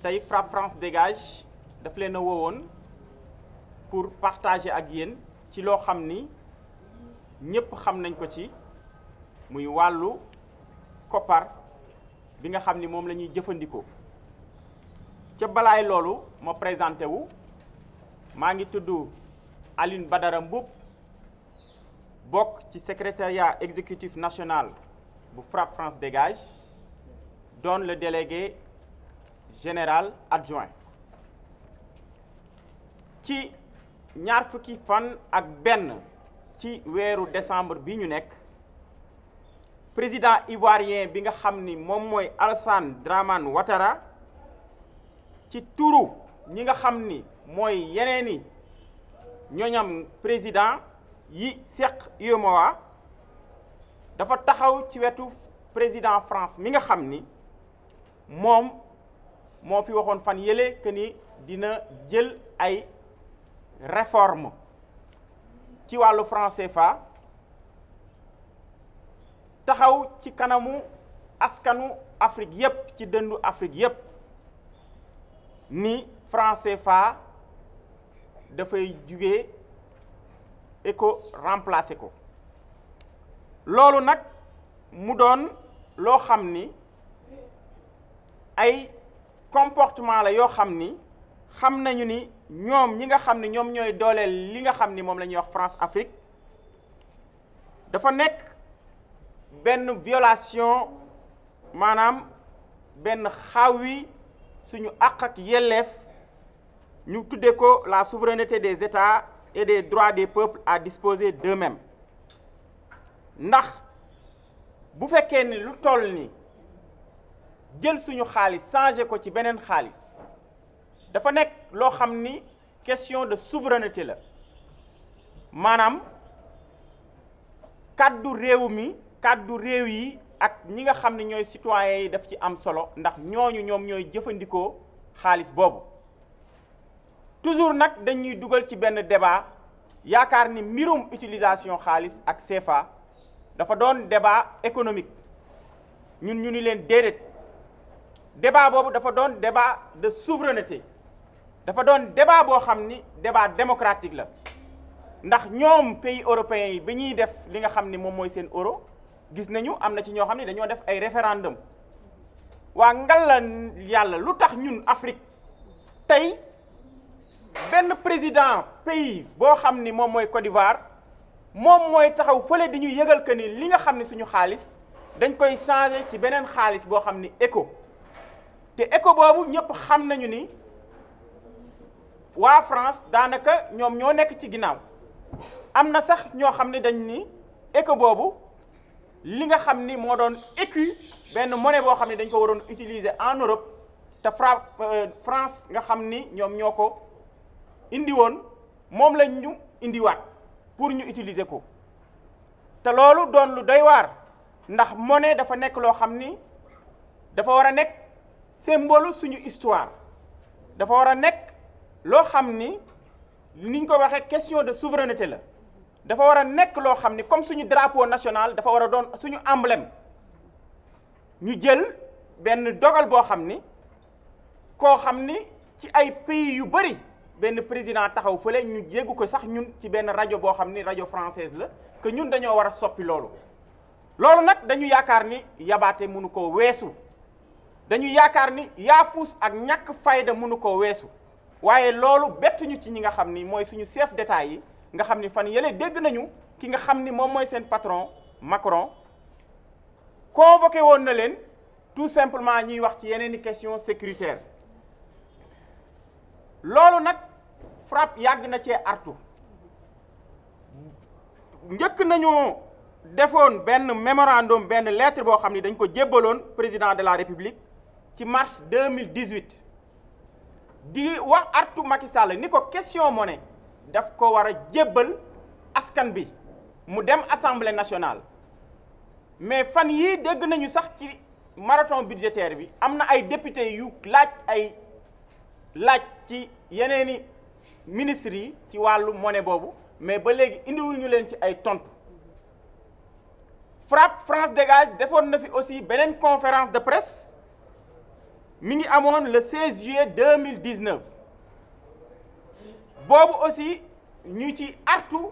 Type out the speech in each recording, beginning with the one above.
tey FRAPP France dégage daf leen a woowoon pour partager ak yéen ci loo xam ni ñëpp xam nañ ko ci muy wàllu koppar bi nga xam ni moom lañuy jëfandikoo ca balaay loolu ma présenté wu maa ngi tudd Aline Badara Mboup bokk ci secrétariat exécutif national bu FRAPP France dégage doon le délégué général adjoint ci ñaar fukki fan ak benn ci weeru décembre bi ñu nekk président ivoirien bi nga xam ni moom mooy Alassane Dramane Ouattara ci turu ñi nga xam ni mooy yeneeni ñooñam président yi seq UEMOA dafa taxaw ci wetu président France mi nga xam ni moom moo fi waxoon fan yële que ni dina jël ay réforme ci wàllu franc CFA taxaw ci kanamu askanu Afrique yépp ci dëndu Afrique yépp ni franc CFA dafay juge et ko remplacer ko loolu nag mu doon loo xam ni ay comportement la yoo xam ni xam nañu ni ñoom ñi nga xam ni ñoom ñooy dooleel li nga xam ni moom la ñuy wax France Afrique dafa nekk benn violation maanaam benn xaawi suñu àq ak yelleef ñu tuddee ko la souveraineté des États et des droits des peuples à disposer deux même ndax bu fekkee ni lu toll ni jël suñu xaalis changé ko ci beneen xaalis dafa nekk loo xam ni question de souveraineté la maanaam kàddu réew mi kàddu réew yi ak ñi nga xam ne ñooy citoyens yi daf ci am solo ndax ñooñu ñoom ñooy jëfandikoo xaalis boobu toujours nag dañuy dugal ci benn débat yaakaar ni mbirum utilisation xaalis ak CFA dafa doon débat économique ñun ñu ni leen déedéet débat boobu dafa doon débat de souveraineté dafa doon débat boo xam ni débat democratique la ndax ñoom pays européens yi bi ñuy def li nga xam ni moom mooy seen euro gis nañu am na ci ñoo xam ne dañoo def ay référendum waa la yàlla lu tax ñun Afrique tey benn président pays boo xam ni moom mooy Côte d'Ivoire moom mooy taxaw fële di ñuy yëgal que ni li nga xam ne suñu xaalis dañ koy changer ci beneen xaalis boo xam ni éco te éco boobu ñëpp xam nañu ni waa France daanaka ñoom ñoo nekk ci ginnaaw am na sax ñoo xam ni dañ ni éco boobu li nga xam ni moo doon écu benn mone boo xam ni dañ ko waroon utiliser en Europe te Fra euh, France nga xam ni ñoom ñoo ko indi woon moom lañ ñu indiwaat pour ñu utiliser ko te loolu doon lu doy waar ndax mone dafa nekk loo xam ni dafa war a nekk. symbole suñu histoire dafa war a nekk loo xam ni niñ ko waxee question de souveraineté la dafa war a nekk loo xam ni comme suñu drapeau national dafa war a doon suñu emblème ñu jël benn dogal boo xam ni koo xam ni ci ay pays yu bëri benn président taxaw fële ñu yéggu ko sax ñun ci benn rajo boo xam ni rajo française la que ñun dañoo war a soppi loolu loolu nag dañu yaakaar ni yabaate mënu ko weesu dañu yaakaar ni yaa yaafuus ak ñàkk fayda mënu ko weesu waaye loolu bettuñu ci ñi nga xam ni mooy suñu chef d'État yi nga xam ni fan yële dégg nañu ki nga xam ni moom mooy seen patron Macron convoqué woon na leen tout simplement ñuy wax ci yeneen i question sécuritaire loolu nag FRAPP yàgg na cee artu njëkk nañu defoon benn mémorandum benn lettre boo xam ni dañ ko jébbaloon président de la république ci mars 2018 di wax artu Macky Sall ni ko question monnaie daf ko war a jébbal askan bi mu dem assemblée nationale mais fan yi dégg nañu sax ci marathon budgétaire bi am na ay député yu laaj ay laaj ci yeneeni ministres yi ci wàllu monnaie boobu mais ba léegi indiwul ñu leen ci ay tontu FRAPP France Dégage defoon na fi aussi beneen conférence de presse mi ngi amoon le 16 juillet 2019 boobu aussi ñu ci artu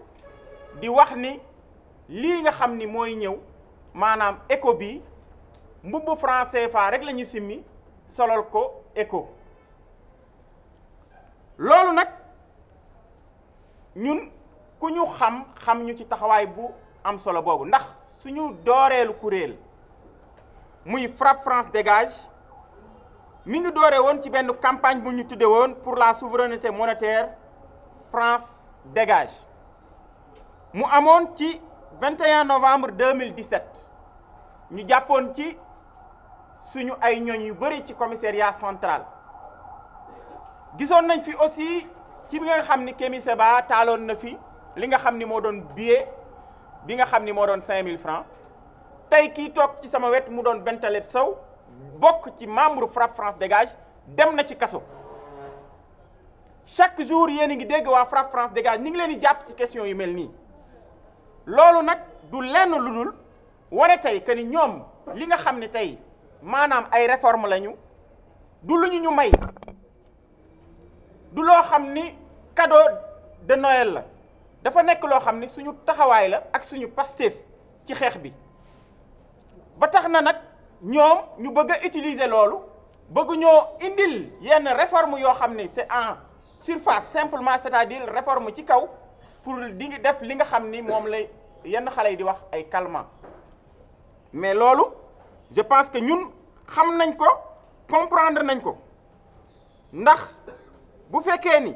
di wax ni lii nga xam ni mooy ñëw maanaam éco bi mbubb franc CFA rek la ñu simmi solal ko éco loolu nag ñun ku ñu xam xam ñu ci taxawaay bu am solo boobu ndax suñu dooreelu kuréel muy FRAPP France dégage mi ngi doore woon ci benn campagne bu ñu tuddee woon pour la souveraineté monétaire France dégage mu amoon ci 21 novembre 2017 ñu jàppoon ci suñu ay ñooñ yu bëri ci commissariat central gisoon nañ fi aussi ci bi nga xam ni Kémi ba taaloon na fi li nga xam ni moo doon billet bi nga xam ni moo doon 5000 francs tey kii toog ci sama wet mu doon Bentaleb Sow bokk ci membre FRAPP France dégage dem na ci kaso chaque jour yéen a ngi dégg waa FRAPP France dégage ni ngi leen di jàpp ci question yu mel nii loolu nag du lenn lu dul wane tey que ni ñoom li nga xam ne tey maanaam ay réforme lañu du lu ñu ñu may du loo xam ni cadeau de Noël la dafa nekk loo xam ni suñu taxawaay la ak suñu Pastef ci xeex bi ba tax na nag ñoom ñu bëgg a utiliser loolu bëgg ñoo indil yenn réforme yoo xam ne c'est en surface simplement c'est-à-dire réforme ci kaw pour di def li nga xam ni moom lay yenn xale yi di wax ay calmant mais loolu je pense que ñun xam nañ ko comprendre nañ ko ndax bu fekkee ni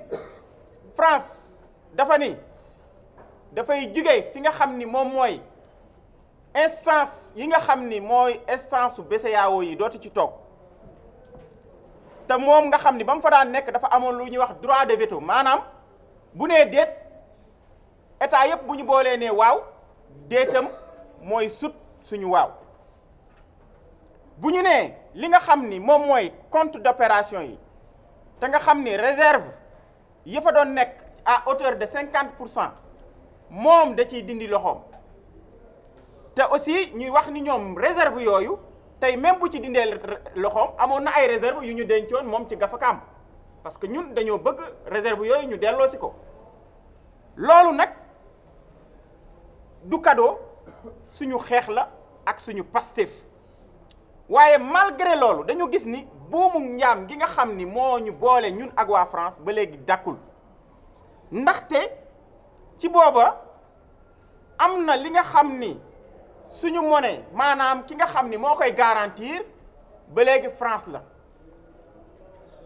France dafa ni dafay jugee fi nga xam ni moom mooy instance yi nga xam ni mooy instance su BCEAO yi dootu ci toog te moom nga xam ni ba mu fa daan nekk dafa amoon lu ñuy wax droit de veto maanaam bu nee déet état yëpp bu ñu boolee nee waaw déetam mooy sut suñu waaw bu ñu nee li nga xam ni moom mooy compte d'opération yi te nga xam ni réserve yi fa doon nekk à hauteur de cinquante pour cent moom da ciy dindi loxoom. te aussi ñuy wax ni ñoom réserve yooyu tey même bu ci dindee loxoom amoon na ay réserve yu ñu dencoon moom ci gafakaam parce que ñun dañoo bëgg réserve yooyu ñu delloosi ko loolu nag du cadeau suñu xeex la ak suñu Pastef waaye malgré loolu dañu gis ni buumu njaam gi nga xam ni moo ñu boole ñun ak waa France ba léegi dàkkul ndaxte ci booba am na li nga xam ni suñu monnaie maanaam ki nga xam ni moo koy garantir ba léegi France la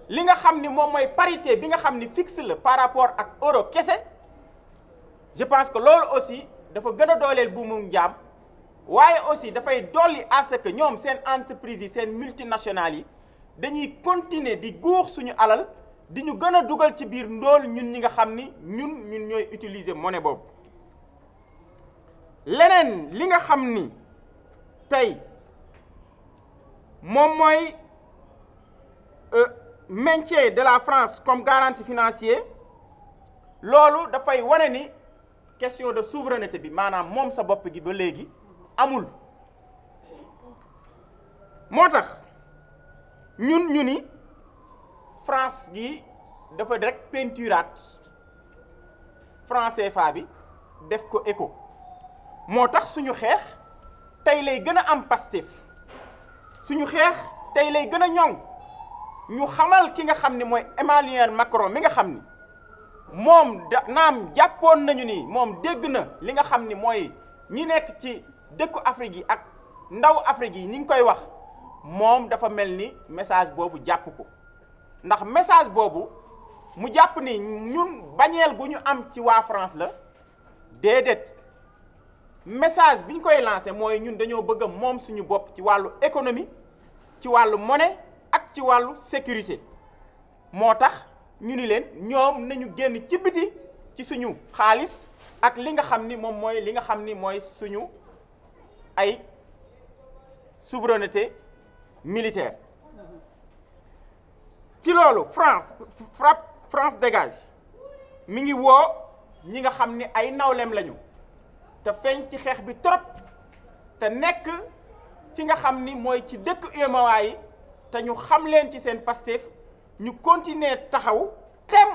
li nga xam ni moom mooy parité bi nga xam ni fixe la par rapport ak euro kese je pense que loolu aussi dafa gën a dooleel bu mu njaam waaye aussi dafay dolli à que ñoom seen entreprise yi seen multinationales yi dañuy continuer di guux suñu alal di ñu gën a dugal ci biir ndool ñun ñi nga xam ni ñun ñun ñooy utiliser monnaie boobu. leneen li nga xam ni tey moom mooy euh, maintien de la France comme garantie financier loolu dafay wane ni question de souveraineté bi maanaam moom sa bopp gi ba léegi amul moo tax ñun ñu ni France gi dafa rek peinturaat franc CFA bi def ko éco moo tax suñu xeex tey lay gën a am Pastef suñu xeex tey lay gën a ñoŋ ñu xamal ki nga xam ni mooy Emmanuel Macron mi nga xam ni moom da naam jàppoon nañu ni moom dégg na li nga xam ni mooy ñi nekk ci dëkku Afrique yi ak ndaw Afrique yi ñi koy wax moom dafa mel ni message boobu jàpp ko ndax message boobu mu jàpp ni ñun bañeel bu ñu am ci waa France la déedéet. message bi ñu koy lancé mooy ñun dañoo bëgg a moom suñu bopp ci wàllu économie ci wàllu monnaie ak ci wàllu sécurité moo tax ñu ni leen ñoom nañu génn ci biti ci suñu xaalis ak li nga xam ni moom mooy li nga xam ni mooy suñu ay souveraineté militaire ci loolu France FRAPP France dégage mi ngi woo ñi nga xam ni ay nawleem lañu te feeñ ci xeex bi trop te nekk fi nga xam ni mooy ci dëkk UMOA yi te ñu xam leen ci seen Pastef ñu continuer taxaw tem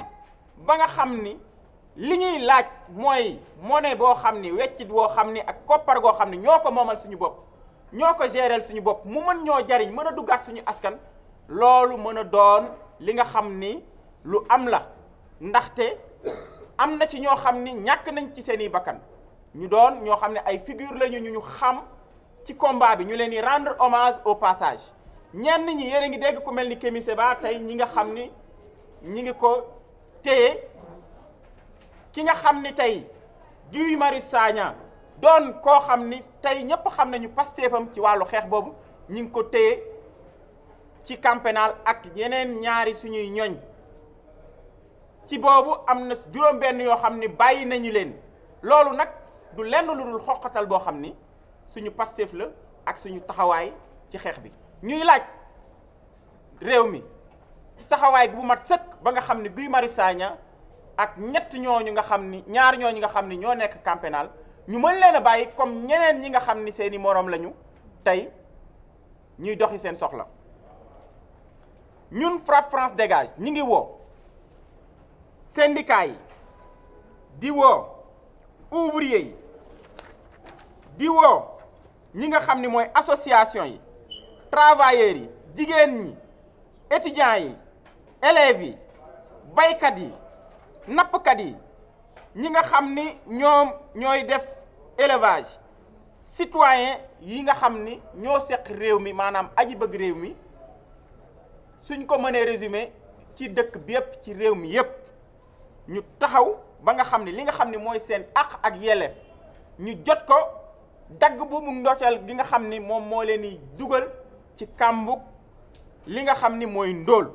ba nga xam ni li ñuy laaj mooy monnaie boo xam ni weccit woo xam ni ak koppar goo xam ni ñoo ko moomal suñu bopp ñoo ko géréel suñu bopp mu mën ñoo jariñ mën duggaat suñu askan loolu mën a doon li nga xam ni lu am la ndaxte am na ci ñoo xam ni ñàkk nañ ci seeni bakkan ñu doon ñoo xam ne ay figure lañu ñu ñu xam ci combat bi ñu leen di rendre hommage au passage ñenn ñi yéen a ngi dégg ko mel ni Kémi Séba tey ñi nga xam ni ñi ngi ko téye ki nga xam ni tey yu Marius Sagna doon koo xam ni tey ñëpp xam nañu Pastefam ci wàllu xeex boobu ñi ngi ko téye ci camp ak yeneen ñaari suñuy ñoñ ci boobu am na juróom-benn yoo xam ni bàyyi nañu leen loolu nag. du lenn lu dul xoqatal boo xam ni suñu Pastef la ak suñu taxawaay ci xeex bi ñuy laaj réew mi taxawaay bu mat sëkk ba nga xam ni Guy Marius Sagna ak ñett ñooñu nga xam ni ñaar ñooñu nga xam ni ñoo nekk camp ñu mën leen a bàyyi comme ñeneen ñi nga xam ni seeni moroom lañu tey ñuy doxi seen soxla ñun FRAPP France dégage ñi ngi woo syndicat yi di woo ouvrier yi di woo ñi nga xam ni mooy association yi travailleurs yi jigéen ñi étudiants yi élèves yi baykat yi nappkat yi ñi nga xam ni ñoom ñooy def élevage citoyen yi nga xam ni ñoo seq réew mi maanaam aji bëgg réew mi suñ ko mënee résumé ci dëkk bi yépp ci réew mi yépp ñu taxaw ba nga xam ni li nga xam ni mooy seen àq ak yelleef ñu jot ko dagg bu mu ndoxeel gi nga xam ni moom moo leen di dugal ci kàmbuk li nga xam ni mooy ndóol